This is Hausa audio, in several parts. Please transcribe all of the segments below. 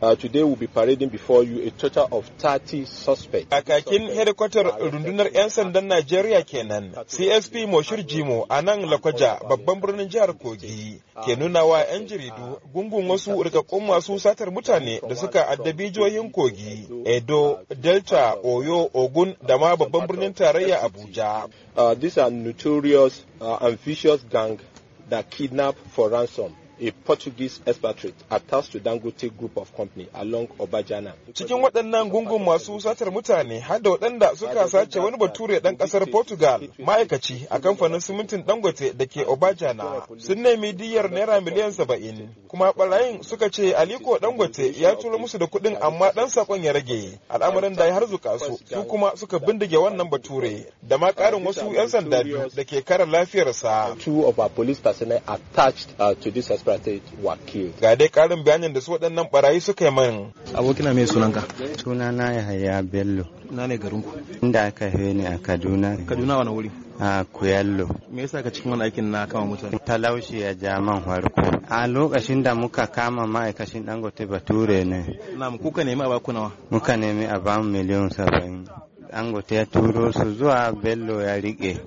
Uh, today will be parading before you a total of 30 suspects. kakin hedikwatar rundunar 'yan sandan Najeriya kenan, CSP Moshir Jimo a nan Lakwaja babban birnin jihar Kogi ke nuna wa 'yan jaridu gungun wasu rikakkun masu satar mutane da suka addabi jihohin Kogi, Edo, Delta, Oyo, Ogun da ma babban birnin tarayya Abuja. Uh, these are notorious uh, and vicious gang that kidnap for ransom. a Portuguese expatriate attached to Dangote Group of Company along Obajana. Cikin waɗannan gungun masu satar mutane har da waɗanda suka sace wani bature ɗan ƙasar Portugal ma'aikaci a kamfanin simintin Dangote da ke Obajana sun nemi diyar naira miliyan saba'in kuma ɓarayin suka ce Aliko Dangote ya tura musu da kuɗin amma ɗan sakon ya rage al'amarin da ya zuka su su kuma suka bindige wannan bature da ma ƙarin wasu 'yan sanda biyu da ke kare lafiyarsa. Two of our police personnel attached uh, to this fura ta wakil ga dai karin bayanin da su waɗannan barayi suka yi min abokina mai sunanka ya yahaya bello na ne garinku inda aka haife ni a kaduna kaduna wani wuri a kuyallo me yasa ka cikin wani aikin na kama mutane talaushi ya ja man farko a lokacin da muka kama ma'aikacin dangote bature ne na kuka nemi a baku nawa muka nemi a bamu miliyan saba'in angote ya turo su zuwa bello ya rike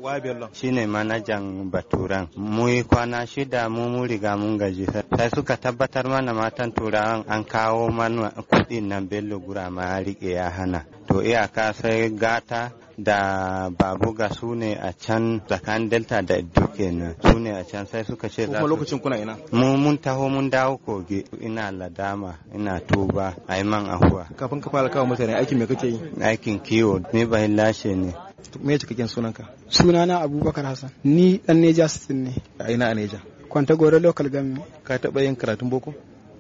shine manajan baturan mu yi kwana shida mu mu riga mun gaji sai suka tabbatar mana matan turawan an kawo mana kuɗin nan bello gura ma ya rike ya hana to iyaka sai gata da babuga su ne a can tsakanin delta da edo nan. su ne a can sai suka ce kuma lokacin kuna ina mu mun taho mun dawo koge ina ladama ina tuba a yi man ahuwa kafin ka fara kawo mutane aikin me kake yi aikin kiwo ne bayan lashe ne me cikakken sunanka sunana abubakar hassan ni dan neja sitin ne a ina a neja kwanta gore local gami ka taɓa yin karatun boko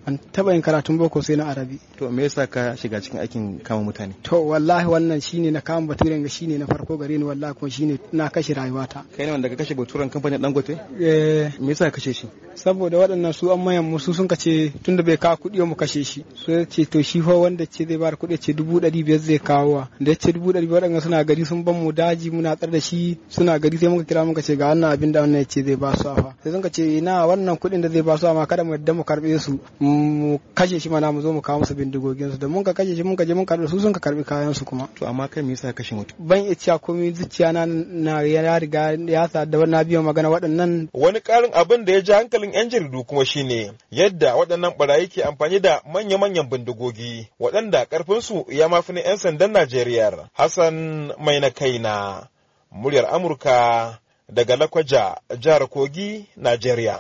An taba yin karatun boko sai na arabi to me yasa ka shiga cikin aikin kama mutane to wallahi wannan shine na kama baturen ga shine na farko gare ni wallahi kuma shine na kashe rayuwata kai ne wanda ka kashe baturen kamfanin dangote eh me yasa ka kashe shi saboda waɗannan su an mayan musu sun kace tunda bai kawo kuɗi mu kashe shi Su ce to shi fa wanda ce zai bar kuɗi ce dubu ɗari biyar zai kawo da ce dubu ɗari biyar suna gari sun ban mu daji muna tsar da shi suna gari sai muka kira muka ce ga wannan abin da wannan ya ce zai ba su afa sai sun kace ina wannan kuɗin da zai ba su amma kada mu yadda mu karɓe su mu kashe shi mana mu zo mu kawo musu bindigogin su da mun ka kashe shi mun ka je mun karbi su sun ka karbi kayan su kuma to amma kai me yasa kashe mutum ban iya komai zuciya na na ya riga ya sa da na biyo magana waɗannan wani karin abin da ya ji hankalin yan jaridu kuma shine yadda waɗannan barayi ke amfani da manya-manyan bindigogi waɗanda karfin su ya mafi na yan sandan Najeriya Hassan mai na kaina muryar Amurka daga Lakwaja jihar Kogi Najeriya